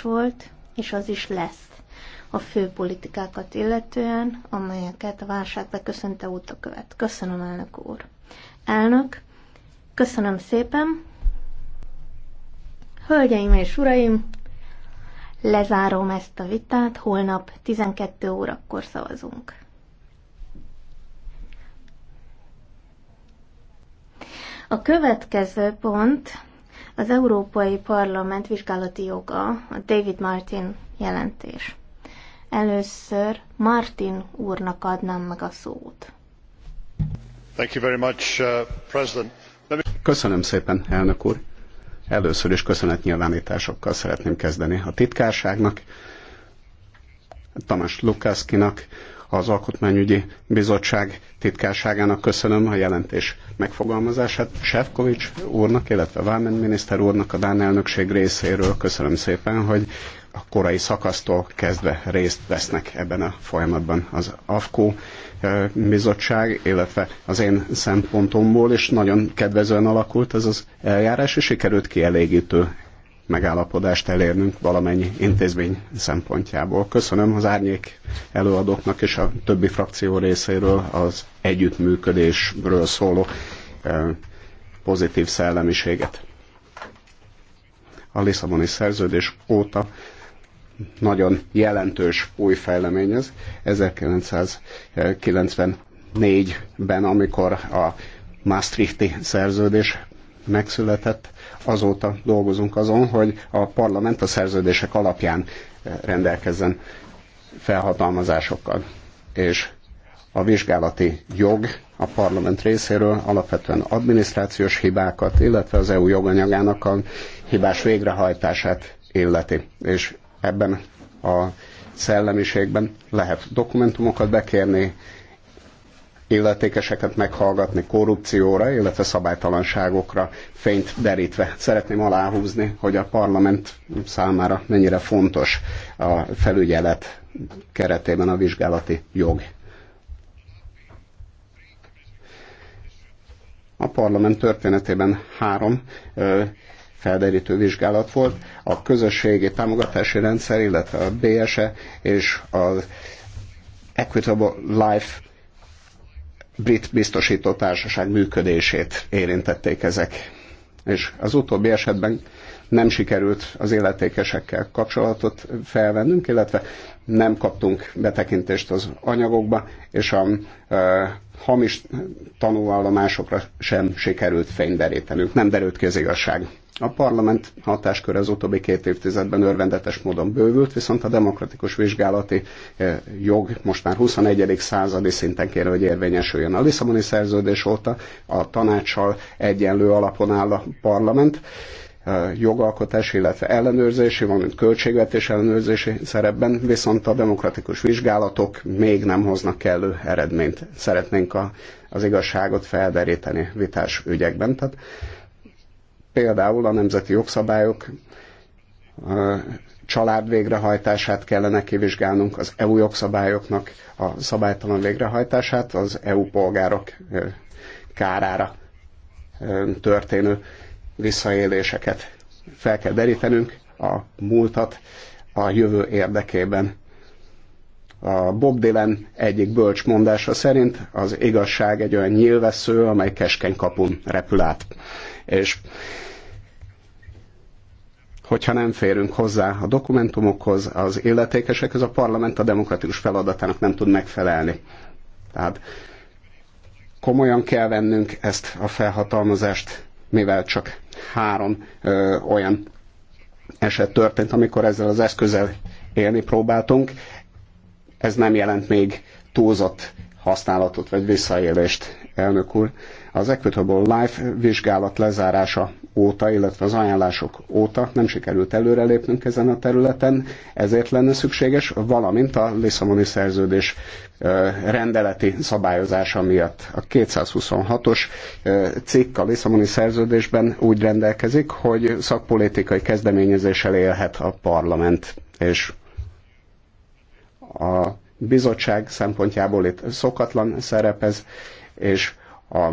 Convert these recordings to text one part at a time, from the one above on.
csúcs volt, és az is lesz a fő politikákat illetően, amelyeket a válság beköszönte óta követ. Köszönöm, elnök úr. Elnök, köszönöm szépen. Hölgyeim és uraim, lezárom ezt a vitát, holnap 12 órakor szavazunk. A következő pont az Európai Parlament vizsgálati joga, a David Martin jelentés. Először Martin úrnak adnám meg a szót. Thank you very much, uh, President. Me... Köszönöm szépen, elnök úr. Először is köszönetnyilvánításokkal szeretném kezdeni a titkárságnak, Tamás Lukászkinak, az Alkotmányügyi Bizottság titkárságának köszönöm a jelentés megfogalmazását. Sefkovics úrnak, illetve Vámen miniszter úrnak a Dán elnökség részéről köszönöm szépen, hogy a korai szakasztól kezdve részt vesznek ebben a folyamatban az AFKO eh, bizottság, illetve az én szempontomból is nagyon kedvezően alakult ez az eljárás, és sikerült kielégítő megállapodást elérnünk valamennyi intézmény szempontjából. Köszönöm az árnyék előadóknak és a többi frakció részéről az együttműködésről szóló eh, pozitív szellemiséget. A Lisszaboni szerződés óta nagyon jelentős új fejlemény ez. 1994-ben, eh, amikor a Maastrichti szerződés megszületett, azóta dolgozunk azon, hogy a parlament a szerződések alapján eh, rendelkezzen felhatalmazásokkal. És a vizsgálati jog a parlament részéről alapvetően adminisztrációs hibákat, illetve az EU joganyagának a hibás végrehajtását illeti. És ebben a szellemiségben lehet dokumentumokat bekérni, illetékeseket meghallgatni korrupcióra, illetve szabálytalanságokra fényt derítve. Szeretném aláhúzni, hogy a parlament számára mennyire fontos a felügyelet keretében a vizsgálati jog. A parlament történetében három ö, felderítő vizsgálat volt, a közösségi támogatási rendszer, illetve a BSE és az Equitable Life brit társaság működését érintették ezek. És az utóbbi esetben nem sikerült az illetékesekkel kapcsolatot felvennünk, illetve nem kaptunk betekintést az anyagokba, és a hamis tanúvallomásokra sem sikerült fényderítenünk, nem derült ki az igazság. A parlament hatáskör az utóbbi két évtizedben örvendetes módon bővült, viszont a demokratikus vizsgálati e, jog most már 21. századi szinten kéne, hogy érvényesüljön. A Lisszaboni szerződés óta a tanácssal egyenlő alapon áll a parlament, jogalkotási, illetve ellenőrzési, valamint költségvetés ellenőrzési szerepben, viszont a demokratikus vizsgálatok még nem hoznak kellő eredményt. Szeretnénk a, az igazságot felderíteni vitás ügyekben. Tehát például a nemzeti jogszabályok család végrehajtását kellene kivizsgálnunk, az EU jogszabályoknak a szabálytalan végrehajtását, az EU polgárok kárára történő visszaéléseket. Fel kell derítenünk a múltat a jövő érdekében. A Bob Dylan egyik bölcs mondása szerint az igazság egy olyan nyilvessző, amely keskeny kapun repül át. És hogyha nem férünk hozzá a dokumentumokhoz, az illetékesekhez, ez a parlament a demokratikus feladatának nem tud megfelelni. Tehát komolyan kell vennünk ezt a felhatalmazást, mivel csak három ö, olyan eset történt, amikor ezzel az eszközzel élni próbáltunk. Ez nem jelent még túlzott használatot vagy visszaélést, elnök úr. Az Equitable Life vizsgálat lezárása óta, illetve az ajánlások óta nem sikerült előrelépnünk ezen a területen, ezért lenne szükséges, valamint a Lisszaboni szerződés rendeleti szabályozása miatt. A 226-os cikk a Lisszaboni szerződésben úgy rendelkezik, hogy szakpolitikai kezdeményezéssel élhet a parlament, és a bizottság szempontjából itt szokatlan szerepez, és a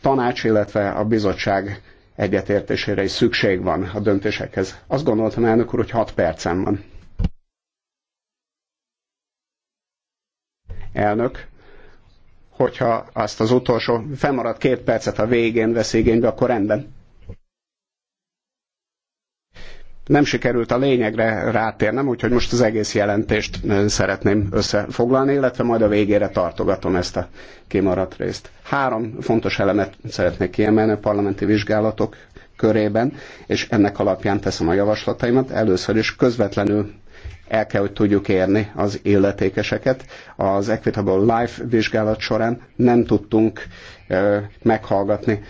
tanács, illetve a bizottság egyetértésére is szükség van a döntésekhez. Azt gondoltam elnök úr, hogy 6 percem van. Elnök, hogyha azt az utolsó, felmaradt két percet a végén vesz igénybe, akkor rendben. nem sikerült a lényegre rátérnem, úgyhogy most az egész jelentést szeretném összefoglalni, illetve majd a végére tartogatom ezt a kimaradt részt. Három fontos elemet szeretnék kiemelni a parlamenti vizsgálatok körében, és ennek alapján teszem a javaslataimat. Először is közvetlenül el kell, hogy tudjuk érni az illetékeseket. Az Equitable Life vizsgálat során nem tudtunk meghallgatni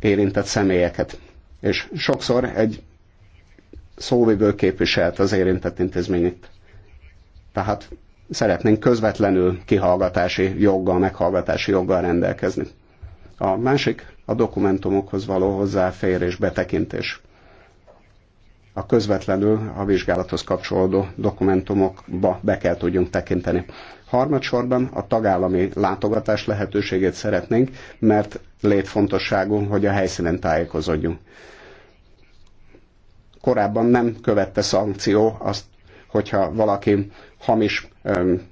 érintett személyeket. És sokszor egy szóvivő képviselt az érintett intézményt. Tehát szeretnénk közvetlenül kihallgatási joggal, meghallgatási joggal rendelkezni. A másik a dokumentumokhoz való hozzáférés, betekintés. A közvetlenül a vizsgálathoz kapcsolódó dokumentumokba be kell tudjunk tekinteni. Harmadsorban a tagállami látogatás lehetőségét szeretnénk, mert létfontosságú, hogy a helyszínen tájékozódjunk korábban nem követte szankció azt, hogyha valaki hamis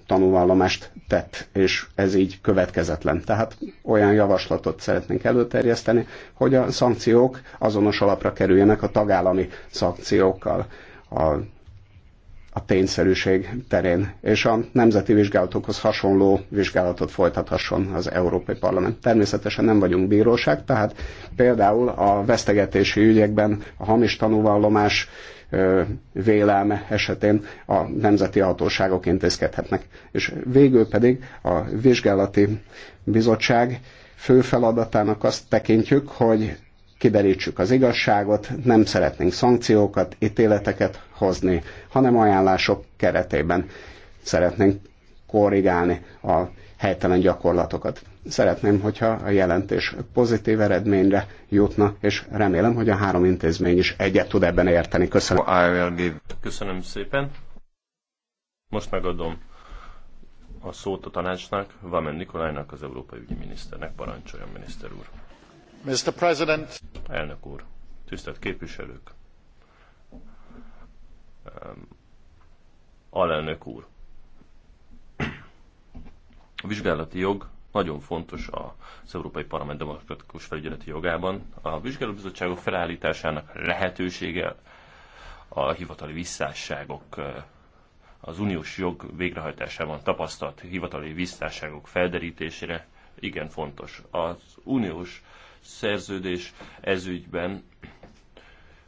tanulvallomást tett, és ez így következetlen. Tehát olyan javaslatot szeretnénk előterjeszteni, hogy a szankciók azonos alapra kerüljenek a tagállami szankciókkal. A a tényszerűség terén, és a nemzeti vizsgálatokhoz hasonló vizsgálatot folytathasson az Európai Parlament. Természetesen nem vagyunk bíróság, tehát például a vesztegetési ügyekben a hamis tanúvallomás vélelme esetén a nemzeti hatóságok intézkedhetnek. És végül pedig a vizsgálati bizottság fő feladatának azt tekintjük, hogy kiderítsük az igazságot, nem szeretnénk szankciókat, ítéleteket hozni, hanem ajánlások keretében szeretnénk korrigálni a helytelen gyakorlatokat. Szeretném, hogyha a jelentés pozitív eredményre jutna, és remélem, hogy a három intézmény is egyet tud ebben érteni. Köszönöm. Köszönöm szépen. Most megadom a szót a tanácsnak, Vamen Nikolajnak, az Európai Ügyi Miniszternek. Parancsoljon, miniszter úr! Mr. President. Elnök úr, tisztelt képviselők, alelnök úr. A vizsgálati jog nagyon fontos az Európai Parlament demokratikus felügyeleti jogában. A vizsgálóbizottságok felállításának lehetősége a hivatali visszásságok eh, az uniós jog végrehajtásában tapasztalt hivatali visszásságok felderítésére igen fontos. Az uniós szerződés ezügyben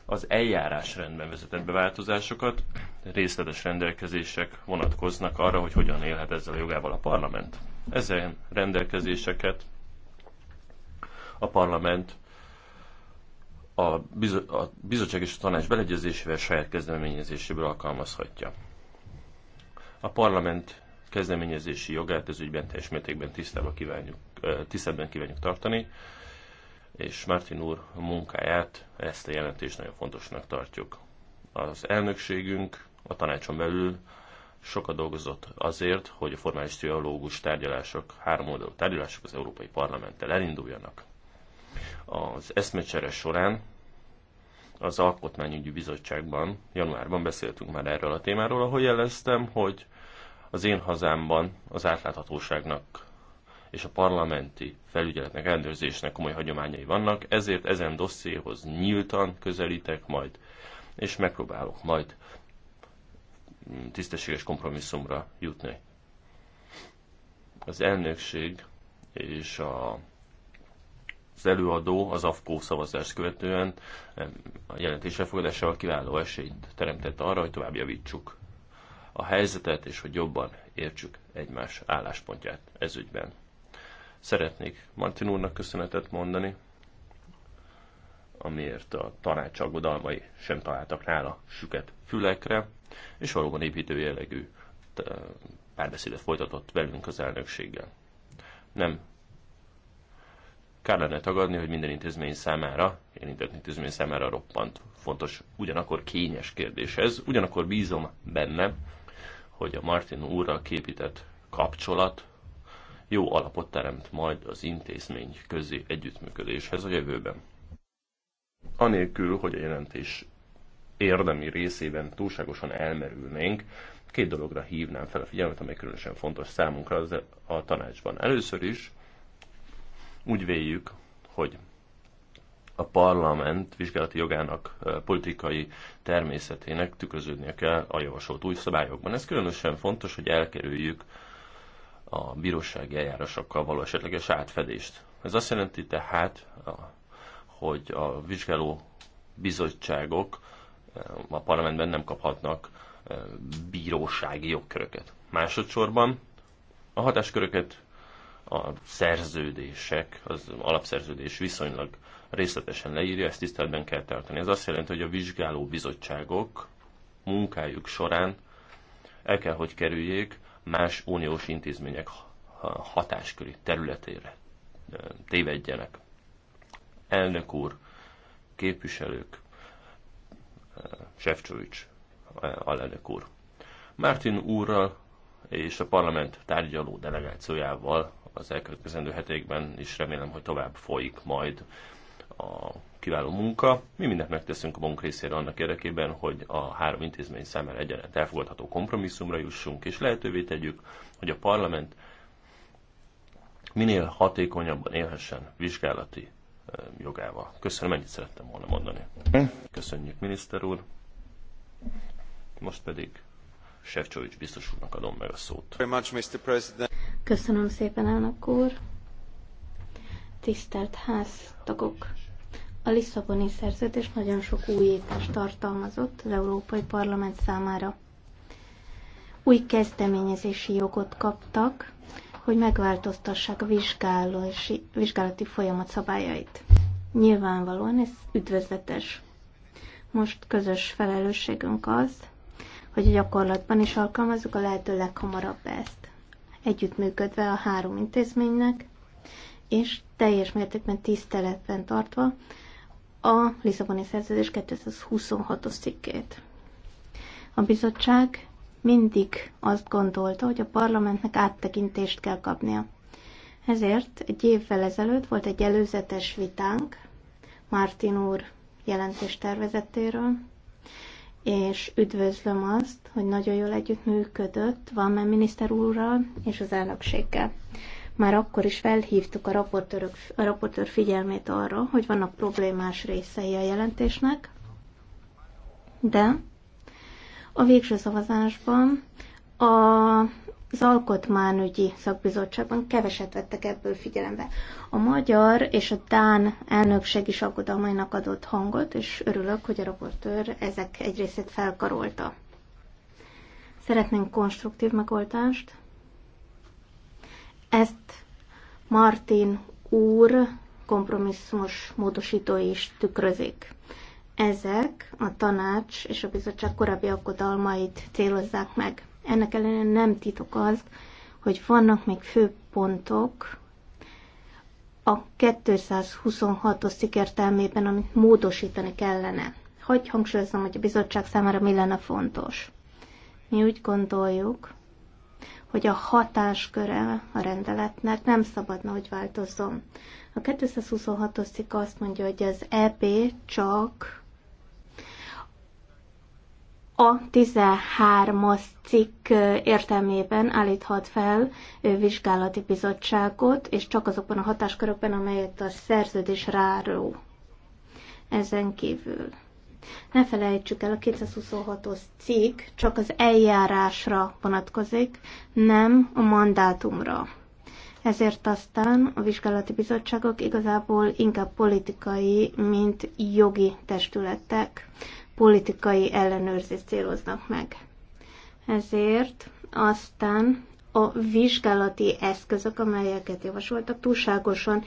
az eljárásrendben vezetett be változásokat, részletes rendelkezések vonatkoznak arra, hogy hogyan élhet ezzel a jogával a parlament. Ezen rendelkezéseket a parlament a, bizo- a bizottság és a tanács beleegyezésével saját kezdeményezéséből alkalmazhatja. A parlament kezdeményezési jogát ez ügyben teljes mértékben tisztában kívánjuk, tisztában kívánjuk tartani és Martin úr munkáját, ezt a jelentést nagyon fontosnak tartjuk. Az elnökségünk a tanácson belül sokat dolgozott azért, hogy a formális teológus tárgyalások, oldalú tárgyalások az Európai Parlamenttel elinduljanak. Az eszmecsere során az Alkotmányügyi Bizottságban, januárban beszéltünk már erről a témáról, ahol jeleztem, hogy az én hazámban az átláthatóságnak és a parlamenti felügyeletnek, rendőrzésnek komoly hagyományai vannak, ezért ezen dossziéhoz nyíltan közelítek majd, és megpróbálok majd mm, tisztességes kompromisszumra jutni. Az elnökség és a az előadó az AFKÓ szavazást követően a jelentés elfogadásával kiváló esélyt teremtett arra, hogy tovább javítsuk a helyzetet, és hogy jobban értsük egymás álláspontját ezügyben. Szeretnék Martin úrnak köszönetet mondani, amiért a tanács aggodalmai sem találtak nála süket fülekre, és valóban építő jellegű párbeszédet folytatott velünk az elnökséggel. Nem kár lenne tagadni, hogy minden intézmény számára, érintett intézmény számára roppant fontos, ugyanakkor kényes kérdés ez, ugyanakkor bízom benne, hogy a Martin úrral képített kapcsolat jó alapot teremt majd az intézmény közé együttműködéshez a jövőben. Anélkül, hogy a jelentés érdemi részében túlságosan elmerülnénk, két dologra hívnám fel a figyelmet, amely különösen fontos számunkra az a tanácsban. Először is úgy véljük, hogy a parlament vizsgálati jogának politikai természetének tükröződnie kell a javasolt új szabályokban. Ez különösen fontos, hogy elkerüljük a bírósági eljárásokkal való esetleges átfedést. Ez azt jelenti tehát, hogy a vizsgáló bizottságok e, a parlamentben nem kaphatnak e, bírósági jogköröket. Másodszorban a hatásköröket a szerződések, az alapszerződés viszonylag részletesen leírja, ezt tiszteletben kell tartani. Ez azt jelenti, hogy a vizsgáló bizottságok munkájuk során el kell, hogy kerüljék más uniós intézmények hatásköri területére tévedjenek. Elnök úr, képviselők, Sefcsovics alelnök úr. Martin úrral és a parlament tárgyaló delegációjával az elkövetkezendő hetekben is remélem, hogy tovább folyik majd a kiváló munka. Mi mindent megteszünk a munk részére annak érdekében, hogy a három intézmény számára egyaránt elfogadható kompromisszumra jussunk, és lehetővé tegyük, hogy a parlament minél hatékonyabban élhessen vizsgálati jogával. Köszönöm, ennyit szerettem volna mondani. Köszönjük, miniszter úr. Most pedig Sefcsovics biztos úrnak adom meg a szót. Köszönöm szépen, elnök úr. Tisztelt ház, tagok, a Lisszaboni szerződés nagyon sok újítást tartalmazott az Európai Parlament számára. Új kezdeményezési jogot kaptak, hogy megváltoztassák a vizsgálati folyamat szabályait. Nyilvánvalóan ez üdvözletes. Most közös felelősségünk az, hogy a gyakorlatban is alkalmazzuk a lehető leghamarabb ezt. Együttműködve a három intézménynek, és teljes mértékben tiszteletben tartva a Lisszaboni Szerződés 226-os cikkét. A bizottság mindig azt gondolta, hogy a parlamentnek áttekintést kell kapnia. Ezért egy évvel ezelőtt volt egy előzetes vitánk Martin úr jelentés tervezetéről, és üdvözlöm azt, hogy nagyon jól együttműködött Valmen miniszter úrral és az elnökséggel. Már akkor is felhívtuk a, raportőrök, a raportőr figyelmét arra, hogy vannak problémás részei a jelentésnek, de a végső szavazásban a, az alkotmányügyi szakbizottságban keveset vettek ebből figyelembe. A magyar és a dán elnökség is aggodalmainak adott hangot, és örülök, hogy a raportőr ezek egy részét felkarolta. Szeretnénk konstruktív megoldást, ezt Martin úr kompromisszumos módosítói is tükrözik. Ezek a tanács és a bizottság korábbi aggodalmait célozzák meg. Ennek ellenére nem titok az, hogy vannak még fő pontok a 226-os cikk értelmében, amit módosítani kellene. Hogy hangsúlyozom, hogy a bizottság számára mi lenne fontos? Mi úgy gondoljuk, hogy a hatásköre a rendeletnek nem szabadna, hogy változzon. A 226-os cikk azt mondja, hogy az EP csak a 13-as cikk értelmében állíthat fel vizsgálati bizottságot, és csak azokban a hatáskörökben, amelyet a szerződés ráró ezen kívül. Ne felejtsük el, a 226-os cikk csak az eljárásra vonatkozik, nem a mandátumra. Ezért aztán a vizsgálati bizottságok igazából inkább politikai, mint jogi testületek politikai ellenőrzést céloznak meg. Ezért aztán a vizsgálati eszközök, amelyeket javasoltak, túlságosan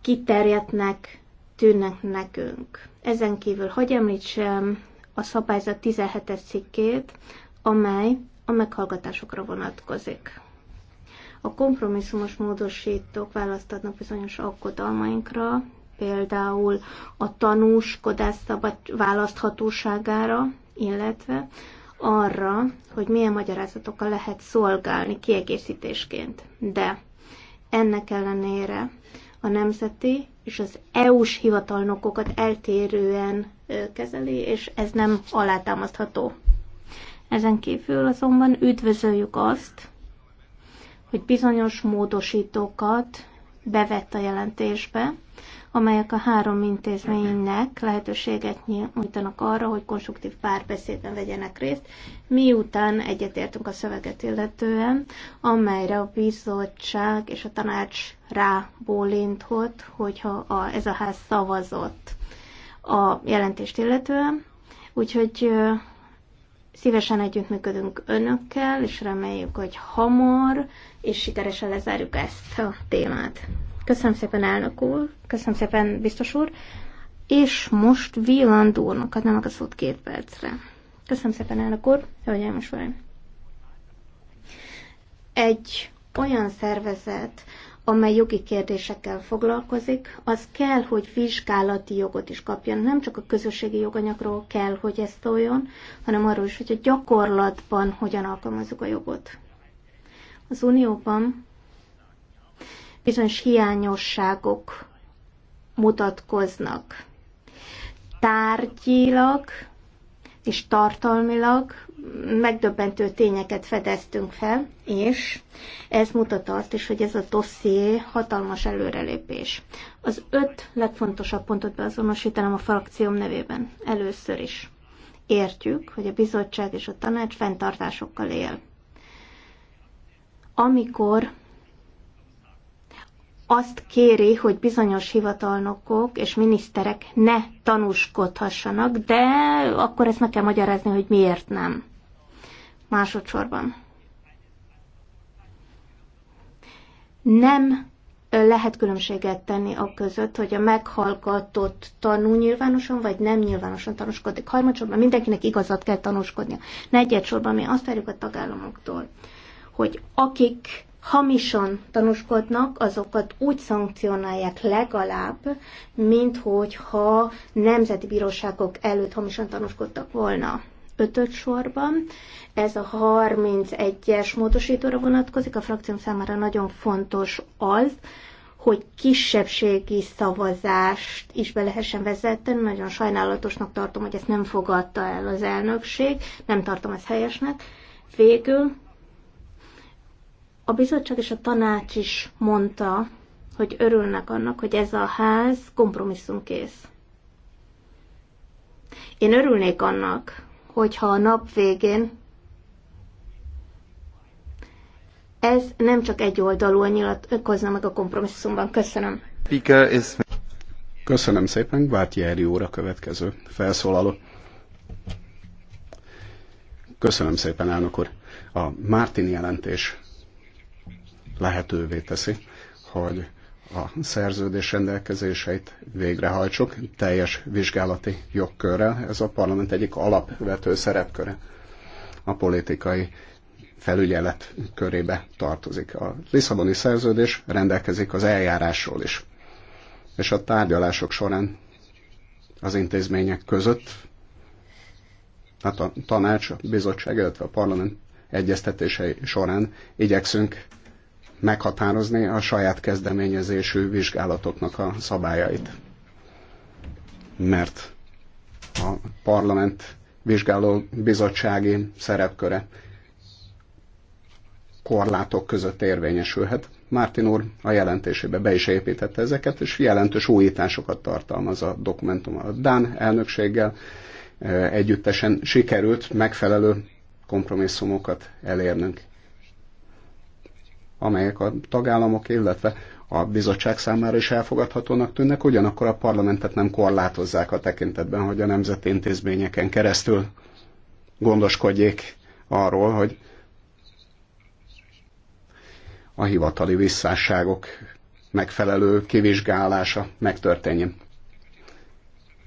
kiterjednek tűnnek nekünk. Ezen kívül hagyj említsem a szabályzat 17-es cikkét, amely a meghallgatásokra vonatkozik. A kompromisszumos módosítók választatnak bizonyos aggodalmainkra, például a tanúskodás szabad választhatóságára, illetve arra, hogy milyen magyarázatokkal lehet szolgálni kiegészítésként. De ennek ellenére a nemzeti és az EU-s hivatalnokokat eltérően kezeli, és ez nem alátámasztható. Ezen kívül azonban üdvözöljük azt, hogy bizonyos módosítókat bevett a jelentésbe, amelyek a három intézménynek lehetőséget nyújtanak arra, hogy konstruktív párbeszédben vegyenek részt, miután egyetértünk a szöveget illetően, amelyre a bizottság és a tanács rábólintott, hogyha a, ez a ház szavazott a jelentést illetően. Úgyhogy szívesen együttműködünk önökkel, és reméljük, hogy hamar és sikeresen lezárjuk ezt a témát. Köszönöm szépen, elnök úr, köszönöm szépen, biztos úr, és most Wieland úrnak adnám a szót két percre. Köszönöm szépen, elnök úr, hölgyeim és uraim. Egy olyan szervezet, amely jogi kérdésekkel foglalkozik, az kell, hogy vizsgálati jogot is kapjon. Nem csak a közösségi joganyagról kell, hogy ezt szóljon, hanem arról is, hogy a gyakorlatban hogyan alkalmazzuk a jogot. Az Unióban bizonyos hiányosságok mutatkoznak. Tárgyilag és tartalmilag megdöbbentő tényeket fedeztünk fel, és ez mutatta azt is, hogy ez a dosszié hatalmas előrelépés. Az öt legfontosabb pontot beazonosítanám a frakcióm nevében. Először is értjük, hogy a bizottság és a tanács fenntartásokkal él. Amikor azt kéri, hogy bizonyos hivatalnokok és miniszterek ne tanúskodhassanak, de akkor ezt meg kell magyarázni, hogy miért nem. Másodszorban. Nem lehet különbséget tenni a között, hogy a meghallgatott tanú nyilvánosan, vagy nem nyilvánosan tanúskodik. Harmadsorban mindenkinek igazat kell tanúskodnia. Negyedsorban mi azt várjuk a tagállamoktól, hogy akik hamisan tanúskodnak, azokat úgy szankcionálják legalább, mint hogyha nemzeti bíróságok előtt hamisan tanúskodtak volna. Ötöt sorban. Ez a 31-es módosítóra vonatkozik. A frakcióm számára nagyon fontos az, hogy kisebbségi szavazást is be lehessen vezetni. Nagyon sajnálatosnak tartom, hogy ezt nem fogadta el az elnökség, nem tartom ezt helyesnek. Végül a bizottság és a tanács is mondta, hogy örülnek annak, hogy ez a ház kompromisszumkész. Én örülnék annak, hogyha a nap végén ez nem csak egy nyilat nyilatkozna meg a kompromisszumban. Köszönöm. Köszönöm szépen, Báti Eri óra következő felszólaló. Köszönöm szépen, elnök úr. A Mártin jelentés lehetővé teszi, hogy a szerződés rendelkezéseit végrehajtsuk teljes vizsgálati jogkörrel. Ez a parlament egyik alapvető szerepköre. A politikai felügyelet körébe tartozik. A Lisszaboni szerződés rendelkezik az eljárásról is. És a tárgyalások során az intézmények között, hát a tanács, a bizottság, illetve a parlament egyeztetései során igyekszünk meghatározni a saját kezdeményezésű vizsgálatoknak a szabályait. Mert a parlament vizsgáló bizottsági szerepköre korlátok között érvényesülhet. Mártin úr a jelentésébe be is építette ezeket, és jelentős újításokat tartalmaz a dokumentum. A Dán elnökséggel együttesen sikerült megfelelő kompromisszumokat elérnünk amelyek a tagállamok, illetve a bizottság számára is elfogadhatónak tűnnek, ugyanakkor a parlamentet nem korlátozzák a tekintetben, hogy a nemzeti intézményeken keresztül gondoskodjék arról, hogy a hivatali visszásságok megfelelő kivizsgálása megtörténjen.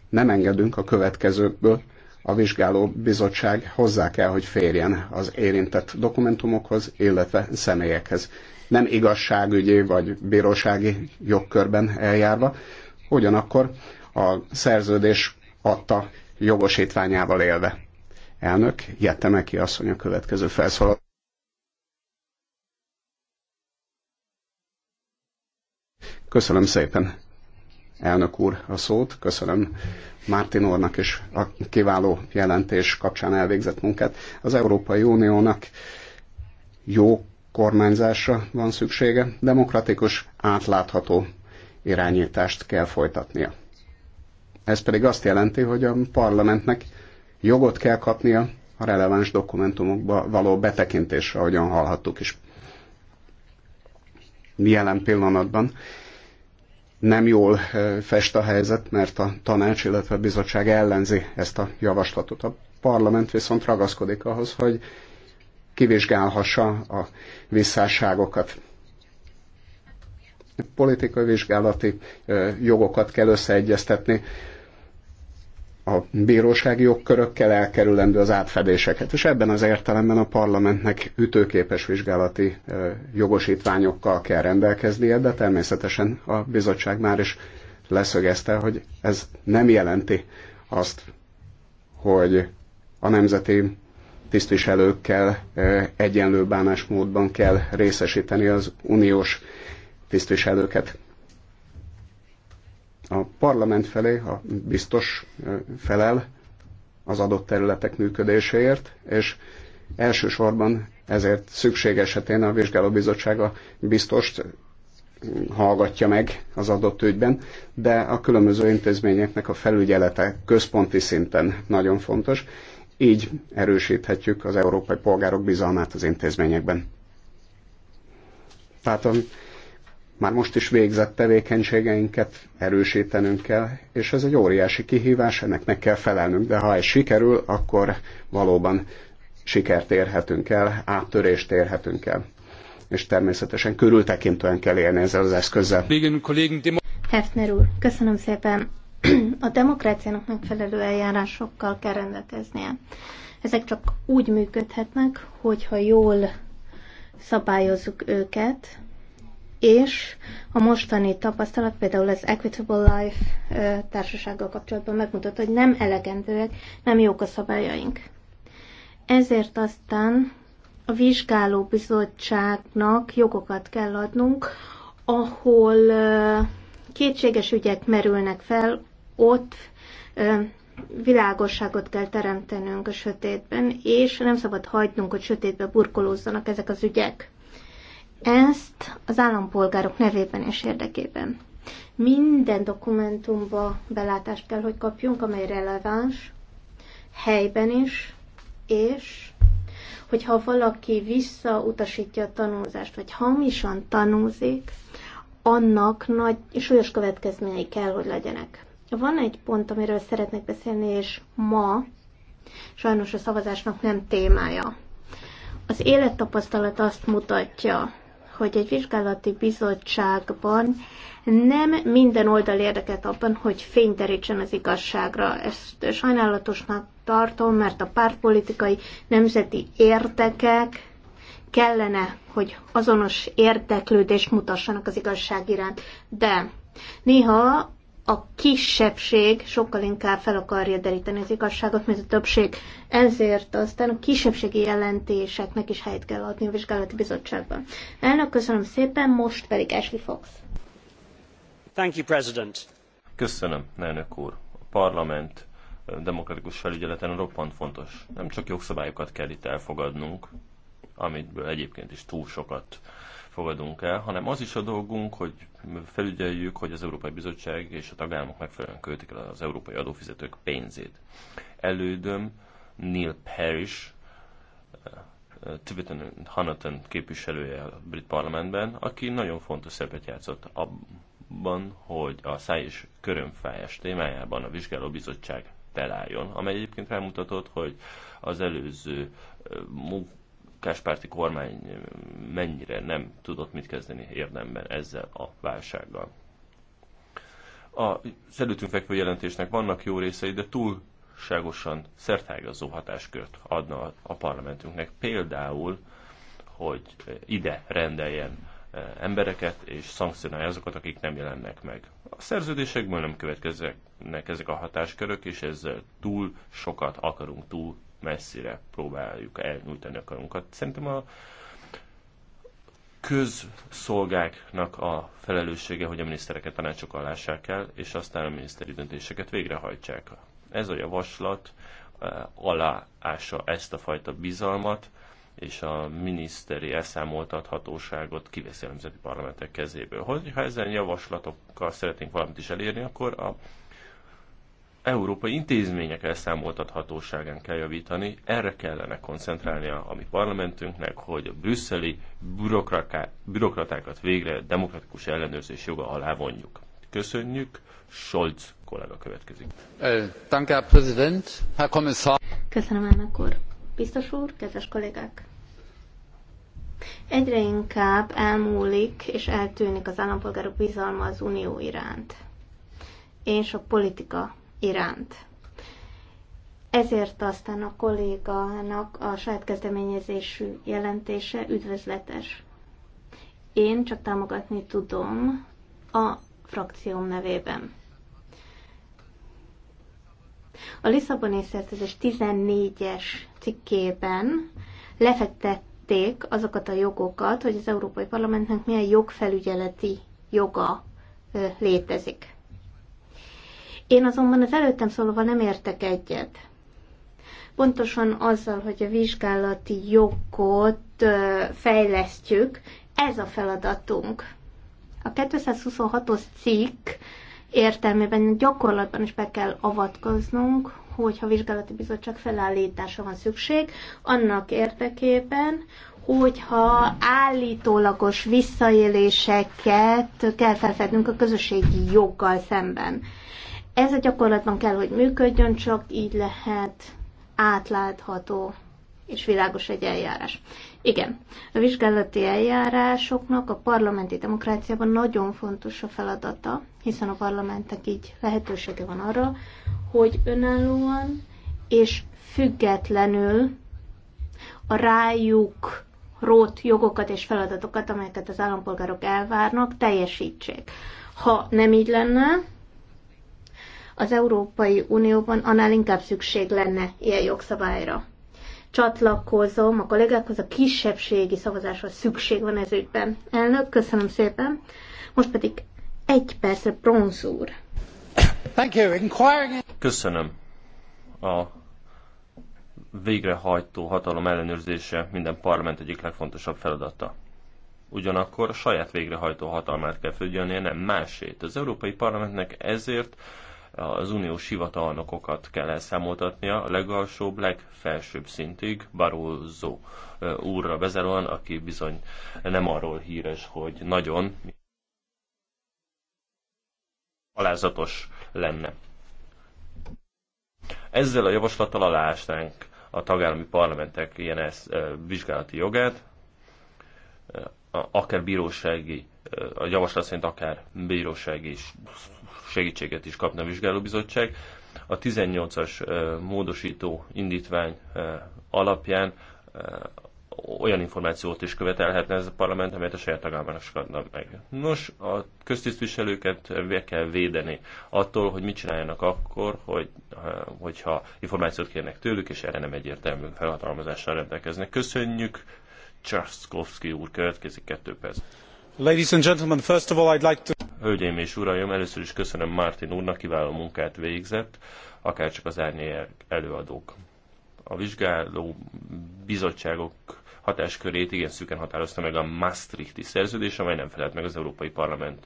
Nem engedünk a következőkből, a vizsgáló bizottság hozzá kell, hogy férjen az érintett dokumentumokhoz, illetve személyekhez. Nem igazságügyi vagy bírósági jogkörben eljárva, ugyanakkor a szerződés adta jogosítványával élve. Elnök, jette meg ki asszony a következő felszólal. Köszönöm szépen elnök úr a szót. Köszönöm Mártin úrnak is a kiváló jelentés kapcsán elvégzett munkát. Az Európai Uniónak jó kormányzásra van szüksége, demokratikus, átlátható irányítást kell folytatnia. Ez pedig azt jelenti, hogy a parlamentnek jogot kell kapnia a releváns dokumentumokba való betekintésre, ahogyan hallhattuk is. Jelen pillanatban nem jól fest a helyzet, mert a tanács, illetve a bizottság ellenzi ezt a javaslatot. A parlament viszont ragaszkodik ahhoz, hogy kivizsgálhassa a visszásságokat. Politikai vizsgálati jogokat kell összeegyeztetni a bírósági jogkörökkel elkerülendő az átfedéseket, és ebben az értelemben a parlamentnek ütőképes vizsgálati jogosítványokkal kell rendelkeznie, de természetesen a bizottság már is leszögezte, hogy ez nem jelenti azt, hogy a nemzeti tisztviselőkkel egyenlő bánásmódban kell részesíteni az uniós tisztviselőket a parlament felé a biztos felel az adott területek működéséért, és elsősorban ezért szükség esetén a vizsgálóbizottság a biztost hallgatja meg az adott ügyben, de a különböző intézményeknek a felügyelete központi szinten nagyon fontos, így erősíthetjük az európai polgárok bizalmát az intézményekben. Tehát a már most is végzett tevékenységeinket erősítenünk kell, és ez egy óriási kihívás, ennek meg kell felelnünk, de ha ez sikerül, akkor valóban sikert érhetünk el, áttörést érhetünk el. És természetesen körültekintően kell élni ezzel az eszközzel. Hefner úr, köszönöm szépen. A demokráciának megfelelő eljárásokkal kell rendelkeznie. Ezek csak úgy működhetnek, hogyha jól szabályozzuk őket, és a mostani tapasztalat, például az Equitable Life társasággal kapcsolatban megmutatta, hogy nem elegendőek, nem jók a szabályaink. Ezért aztán a vizsgáló bizottságnak jogokat kell adnunk, ahol kétséges ügyek merülnek fel, ott világosságot kell teremtenünk a sötétben, és nem szabad hagynunk, hogy sötétbe burkolózzanak ezek az ügyek. Ezt az állampolgárok nevében és érdekében. Minden dokumentumba belátást kell, hogy kapjunk, amely releváns, helyben is, és hogyha valaki visszautasítja a tanulzást, vagy hamisan tanúzik, annak nagy és súlyos következményei kell, hogy legyenek. Van egy pont, amiről szeretnék beszélni, és ma sajnos a szavazásnak nem témája. Az élettapasztalat azt mutatja, hogy egy vizsgálati bizottságban nem minden oldal érdeket abban, hogy fényderítsen az igazságra. Ezt sajnálatosnak tartom, mert a pártpolitikai nemzeti értekek kellene, hogy azonos érteklődést mutassanak az igazság iránt. De néha a kisebbség sokkal inkább fel akarja deríteni az igazságot, mint a többség. Ezért aztán a kisebbségi jelentéseknek is helyt kell adni a vizsgálati bizottságban. Elnök, köszönöm szépen, most pedig Ashley Fox. Thank you, President. Köszönöm, elnök úr. A parlament demokratikus felügyeleten roppant fontos. Nem csak jogszabályokat kell itt elfogadnunk, amitből egyébként is túl sokat uh, fogadunk el, hanem az is a dolgunk, hogy felügyeljük, hogy az Európai Bizottság és a tagállamok megfelelően költik el az európai adófizetők pénzét. Elődöm Neil Parrish, eh, Tibetan Hanaton képviselője a brit parlamentben, aki nagyon fontos szerepet játszott abban, hogy a száj és körömfájás témájában a vizsgálóbizottság felálljon, amely egyébként rámutatott, hogy az előző eh, Káspárti kormány mennyire nem tudott mit kezdeni érdemben ezzel a válsággal. A előttünk fekvő jelentésnek vannak jó részei, de túlságosan szertágazó hatáskört adna a parlamentünknek. Például, hogy ide rendeljen eh, embereket, és szankcionálja azokat, akik nem jelennek meg. A szerződésekből nem következnek ezek a hatáskörök, és ezzel túl sokat akarunk, túl messzire próbáljuk elnyújtani a karunkat. Szerintem a közszolgáknak a felelőssége, hogy a minisztereket tanácsok alássák el, és aztán a miniszteri döntéseket végrehajtsák. Ez a javaslat eh, aláása ezt a fajta bizalmat, és a miniszteri elszámoltathatóságot kiveszi a nemzeti parlamentek kezéből. Hogyha ezen javaslatokkal szeretnénk valamit is elérni, akkor a európai intézmények elszámoltathatóságán kell javítani, erre kellene koncentrálnia a mi parlamentünknek, hogy a brüsszeli bürokratákat végre demokratikus ellenőrzés joga alá vonjuk. Köszönjük, Scholz kollega következik. Köszönöm, elnök úr. Biztos úr, kedves kollégák! Egyre inkább elmúlik és eltűnik az állampolgárok bizalma az unió iránt és a politika iránt. Ezért aztán a kollégának a saját kezdeményezésű jelentése üdvözletes. Én csak támogatni tudom a frakcióm nevében. A Lisszaboni szerződés 14-es cikkében lefektették azokat a jogokat, hogy az Európai Parlamentnek milyen jogfelügyeleti joga létezik. Én azonban az előttem szólóval nem értek egyet. Pontosan azzal, hogy a vizsgálati jogot fejlesztjük, ez a feladatunk. A 226-os cikk értelmében gyakorlatban is be kell avatkoznunk, hogyha vizsgálati bizottság felállítása van szükség, annak érdekében, hogyha állítólagos visszaéléseket kell felfednünk a közösségi joggal szemben. Ez a gyakorlatban kell, hogy működjön, csak így lehet átlátható és világos egy eljárás. Igen, a vizsgálati eljárásoknak a parlamenti demokráciában nagyon fontos a feladata, hiszen a parlamentek így lehetősége van arra, hogy önállóan és függetlenül a rájuk rót jogokat és feladatokat, amelyeket az állampolgárok elvárnak, teljesítsék. Ha nem így lenne, az Európai Unióban annál inkább szükség lenne ilyen jogszabályra. Csatlakozom a kollégákhoz, a kisebbségi szavazásra szükség van ez ügyben. Elnök, köszönöm szépen. Most pedig egy percre bronz úr. Köszönöm. A végrehajtó hatalom ellenőrzése minden parlament egyik legfontosabb feladata. Ugyanakkor a saját végrehajtó hatalmát kell felügyelnie, nem másét. Az Európai Parlamentnek ezért az uniós hivatalnokokat kell elszámoltatnia a legalsóbb, legfelsőbb szintig Barózó úrra bezáróan, aki bizony nem arról híres, hogy nagyon alázatos lenne. Ezzel a javaslattal aláásnánk a tagállami parlamentek ilyen ezt, vizsgálati jogát, akár bírósági, a javaslat szerint akár bírósági segítséget is kapna a vizsgálóbizottság. A 18-as módosító indítvány alapján olyan információt is követelhetne ez a parlament, amelyet a saját tagállamának adna meg. Nos, a köztisztviselőket be kell védeni attól, hogy mit csináljanak akkor, hogy, hogyha információt kérnek tőlük, és erre nem egyértelmű felhatalmazással rendelkeznek. Köszönjük! Csarskovszki úr következik kettő perc. Hölgyeim és uraim, először is köszönöm Martin úrnak, kiváló munkát végzett, akárcsak az árnyék előadók. A vizsgáló bizottságok hatáskörét igen szűken határozta meg a Maastrichti szerződés, amely nem felelt meg az Európai Parlament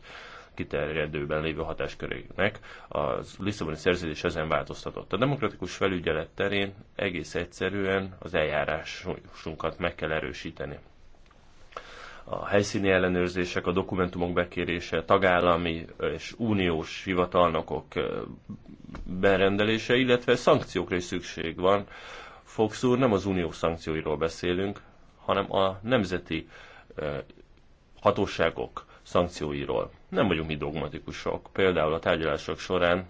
kiterjedőben lévő hatáskörének. A Lisszaboni szerződés ezen változtatott. A demokratikus felügyelet terén egész egyszerűen az eljárásunkat meg kell erősíteni a helyszíni ellenőrzések, a dokumentumok bekérése, tagállami és uniós hivatalnokok berendelése, illetve szankciókra is szükség van. Fox úr, nem az unió szankcióiról beszélünk, hanem a nemzeti hatóságok szankcióiról. Nem vagyunk mi dogmatikusok. Például a tárgyalások során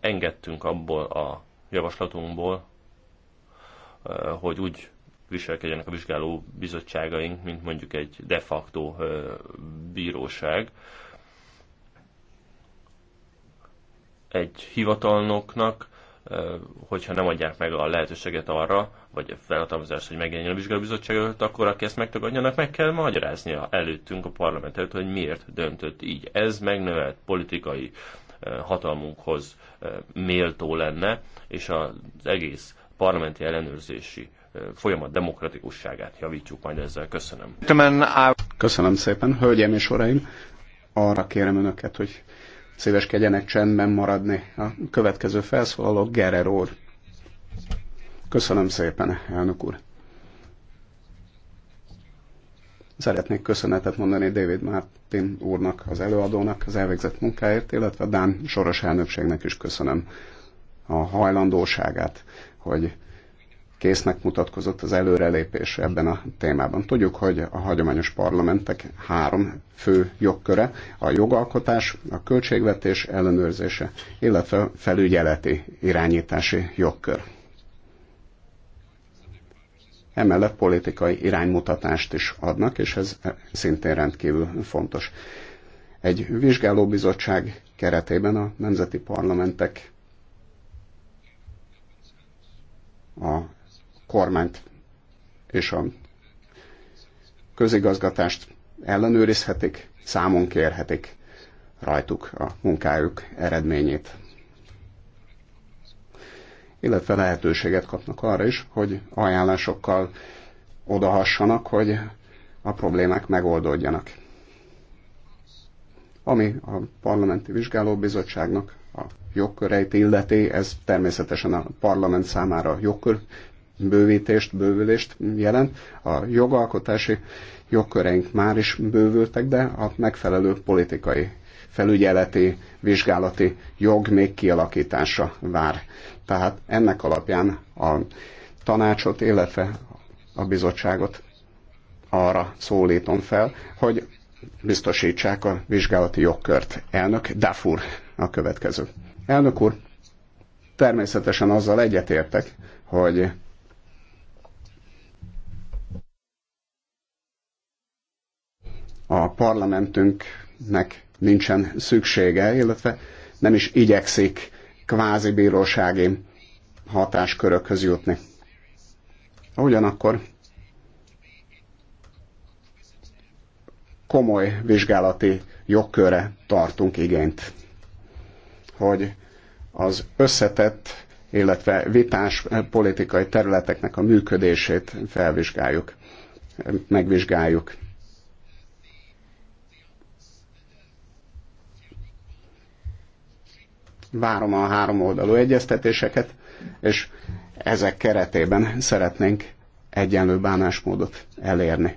engedtünk abból a javaslatunkból, hogy úgy viselkedjenek a vizsgáló bizottságaink, mint mondjuk egy de facto bíróság. Egy hivatalnoknak, hogyha nem adják meg a lehetőséget arra, vagy a felhatalmazást, hogy megjelenjen a vizsgálóbizottságot, akkor aki ezt megtagadjanak, meg kell magyaráznia előttünk a parlament előtt, hogy miért döntött így. Ez megnövelt politikai hatalmunkhoz méltó lenne, és az egész parlamenti ellenőrzési folyamat demokratikusságát javítjuk majd ezzel. Köszönöm. Köszönöm szépen, hölgyeim és uraim. Arra kérem önöket, hogy szíveskedjenek csendben maradni. A következő felszólaló Gerer úr. Köszönöm szépen, elnök úr. Szeretnék köszönetet mondani David Martin úrnak, az előadónak az elvégzett munkáért, illetve Dán soros elnökségnek is köszönöm a hajlandóságát, hogy késznek mutatkozott az előrelépés ebben a témában. Tudjuk, hogy a hagyományos parlamentek három fő jogköre, a jogalkotás, a költségvetés ellenőrzése, illetve felügyeleti irányítási jogkör. Emellett politikai iránymutatást is adnak, és ez szintén rendkívül fontos. Egy vizsgálóbizottság keretében a nemzeti parlamentek a kormányt és a közigazgatást ellenőrizhetik, számon kérhetik rajtuk a munkájuk eredményét. Illetve lehetőséget kapnak arra is, hogy ajánlásokkal odahassanak, hogy a problémák megoldódjanak. Ami a parlamenti vizsgálóbizottságnak a jogköreit illeti, ez természetesen a parlament számára jogkör bővítést, bővülést jelent. A jogalkotási jogköreink már is bővültek, de a megfelelő politikai felügyeleti, vizsgálati jog még kialakítása vár. Tehát ennek alapján a tanácsot, illetve a bizottságot arra szólítom fel, hogy biztosítsák a vizsgálati jogkört. Elnök Dafur a következő. Elnök úr, természetesen azzal egyetértek, hogy a parlamentünknek nincsen szüksége, illetve nem is igyekszik kvázi bírósági hatáskörökhöz jutni. Ugyanakkor komoly vizsgálati jogkörre tartunk igényt, hogy az összetett, illetve vitás politikai területeknek a működését felvizsgáljuk, megvizsgáljuk. várom a három oldalú egyeztetéseket, és ezek keretében szeretnénk egyenlő bánásmódot elérni.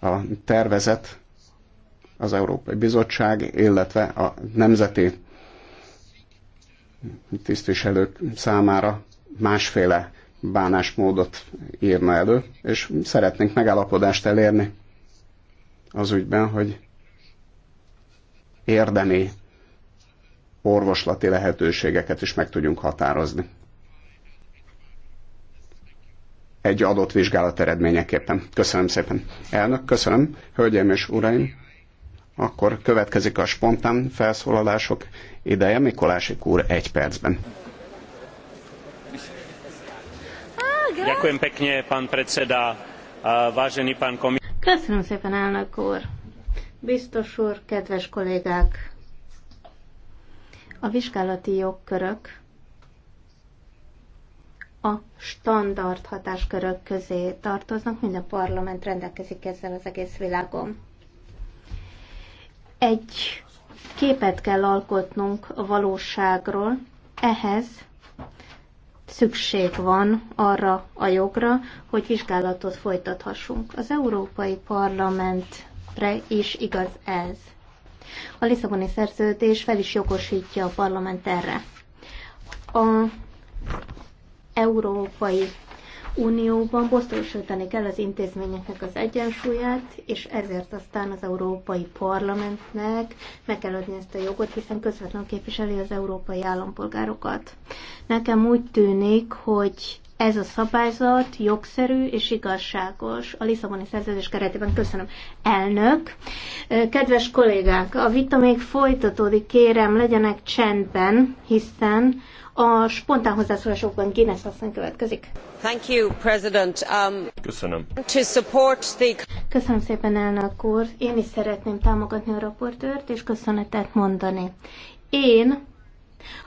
A tervezet az Európai Bizottság, illetve a nemzeti tisztviselők számára másféle bánásmódot írna elő, és szeretnénk megállapodást elérni az ügyben, hogy érdemi orvoslati lehetőségeket is meg tudjunk határozni. Egy adott vizsgálat eredményeképpen. Köszönöm szépen. Elnök, köszönöm. Hölgyeim és uraim, akkor következik a spontán felszólalások ideje Mikolásik úr egy percben. komis... Köszönöm szépen, elnök úr. Biztos úr, kedves kollégák, a vizsgálati jogkörök a standard hatáskörök közé tartoznak, minden parlament rendelkezik ezzel az egész világon. Egy képet kell alkotnunk a valóságról, ehhez szükség van arra a jogra, hogy vizsgálatot folytathassunk. Az Európai Parlamentre is igaz ez. A Lisszaboni szerződés fel is jogosítja a parlament erre. A Európai Unióban biztosítani kell az intézményeknek az egyensúlyát, és ezért aztán az Európai Parlamentnek meg kell adni ezt a jogot, hiszen közvetlenül képviseli az európai állampolgárokat. Nekem úgy tűnik, hogy ez a szabályzat jogszerű és igazságos a Lisszaboni szerződés keretében. Köszönöm. Elnök, kedves kollégák, a vita még folytatódik, kérem, legyenek csendben, hiszen a spontán hozzászólásokban Guinness aztán következik. Thank you, President. Um, Köszönöm. To support the... Köszönöm szépen, elnök úr. Én is szeretném támogatni a raportőrt, és köszönetet mondani. Én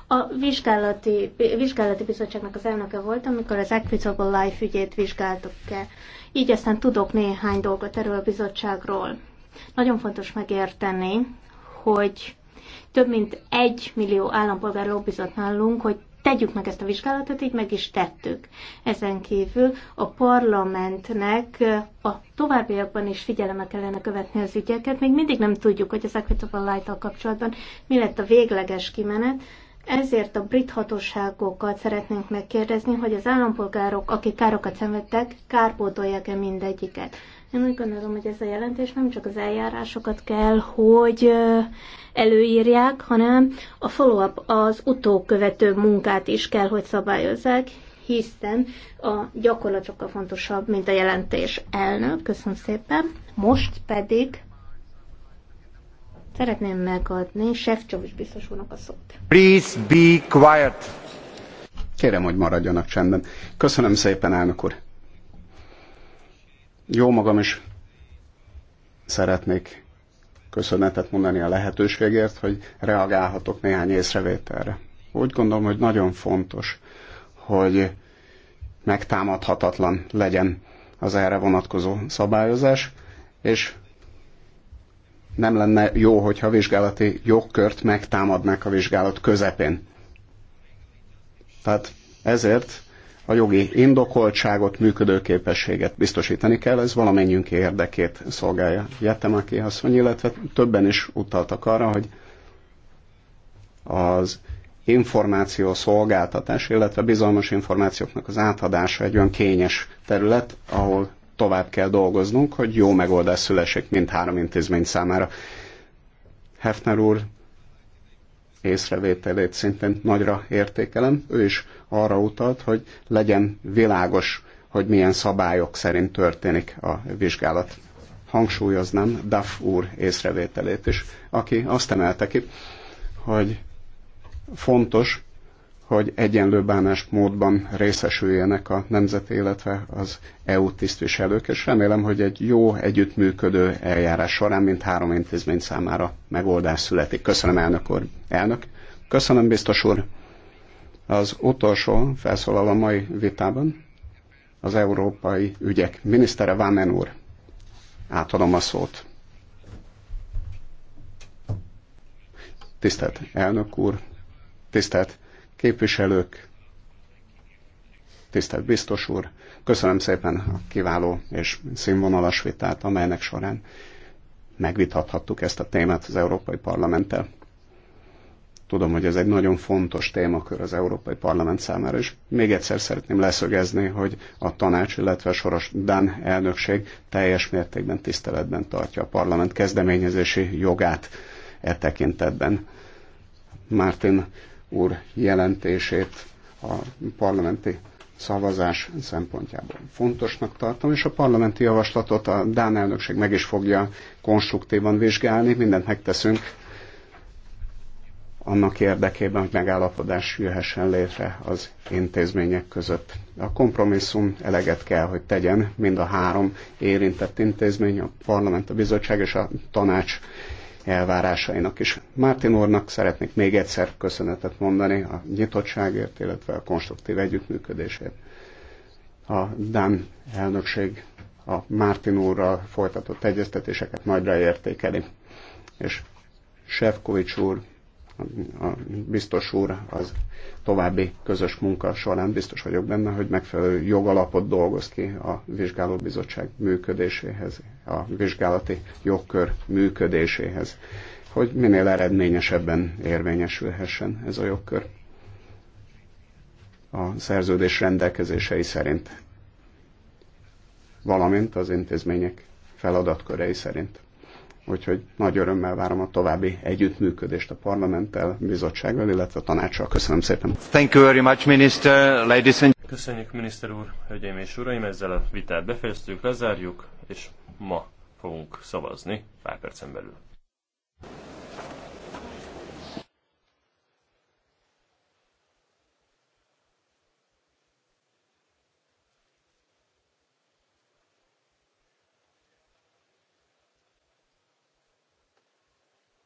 a vizsgálati, vizsgálati bizottságnak az elnöke volt, amikor az Equitable Life ügyét vizsgáltuk el. Így aztán tudok néhány dolgot erről a bizottságról. Nagyon fontos megérteni, hogy több mint egy millió állampolgár lobbizott nálunk, hogy tegyük meg ezt a vizsgálatot, így meg is tettük. Ezen kívül a parlamentnek a továbbiakban is figyelemmel kellene követni az ügyeket. Még mindig nem tudjuk, hogy az Equitable light kapcsolatban mi lett a végleges kimenet, ezért a brit hatóságokat szeretnénk megkérdezni, hogy az állampolgárok, akik károkat szenvedtek, kárpótolják-e mindegyiket. Én úgy gondolom, hogy ez a jelentés nem csak az eljárásokat kell, hogy előírják, hanem a follow-up, az utókövető munkát is kell, hogy szabályozzák, hiszen a gyakorlat sokkal fontosabb, mint a jelentés elnök. Köszönöm szépen. Most pedig Szeretném megadni Sefcsovics biztos úrnak a szót. Please be quiet. Kérem, hogy maradjanak csendben. Köszönöm szépen, elnök úr. Jó magam is szeretnék köszönetet mondani a lehetőségért, hogy reagálhatok néhány észrevételre. Úgy gondolom, hogy nagyon fontos, hogy megtámadhatatlan legyen az erre vonatkozó szabályozás, és nem lenne jó, hogyha a vizsgálati jogkört megtámadnák a vizsgálat közepén. Tehát ezért a jogi indokoltságot, működőképességet biztosítani kell, ez valamennyiünk érdekét szolgálja. aki asszony, illetve többen is utaltak arra, hogy az információ szolgáltatás, illetve bizalmas információknak az átadása egy olyan kényes terület, ahol tovább kell dolgoznunk, hogy jó megoldás szülessék, mint három intézmény számára. Hefner úr észrevételét szintén nagyra értékelem. Ő is arra utalt, hogy legyen világos, hogy milyen szabályok szerint történik a vizsgálat. Hangsúlyoznám Duff úr észrevételét is, aki azt emelte ki, hogy fontos hogy egyenlő bánásmódban részesüljenek a nemzet, illetve az EU tisztviselők, és remélem, hogy egy jó együttműködő eljárás során mint három intézmény számára megoldás születik. Köszönöm, elnök úr. Elnök, köszönöm, biztos úr. Az utolsó felszólal a mai vitában az európai ügyek minisztere Vámen úr. Átadom a szót. Tisztelt elnök úr, tisztelt képviselők, tisztelt biztos úr, köszönöm szépen a kiváló és színvonalas vitát, amelynek során megvitathattuk ezt a témát az Európai Parlamenttel. Tudom, hogy ez egy nagyon fontos témakör az Európai Parlament számára, és még egyszer szeretném leszögezni, hogy a tanács, illetve a soros Dán elnökség teljes mértékben tiszteletben tartja a parlament kezdeményezési jogát e tekintetben. Martin úr jelentését a parlamenti szavazás szempontjából fontosnak tartom, és a parlamenti javaslatot a Dán elnökség meg is fogja konstruktívan vizsgálni, mindent megteszünk annak érdekében, hogy megállapodás jöhessen létre az intézmények között. A kompromisszum eleget kell, hogy tegyen mind a három érintett intézmény, a parlament, a bizottság és a tanács elvárásainak is. Mártin úrnak szeretnék még egyszer köszönetet mondani a nyitottságért, illetve a konstruktív együttműködésért. A Dán elnökség a Mártin úrral folytatott egyeztetéseket nagyra értékeli. És Sefkovics úr a biztos úr az további közös munka során biztos vagyok benne, hogy megfelelő jogalapot dolgoz ki a vizsgálóbizottság működéséhez, a vizsgálati jogkör működéséhez, hogy minél eredményesebben érvényesülhessen ez a jogkör a szerződés rendelkezései szerint, valamint az intézmények feladatkörei szerint. Úgyhogy nagy örömmel várom a további együttműködést a parlamenttel, bizottsággal, illetve a tanácssal. Köszönöm szépen. Thank you very much, minister, ladies and... Köszönjük, miniszter úr, hölgyeim és uraim, ezzel a vitát befejeztük, lezárjuk, és ma fogunk szavazni pár percen belül.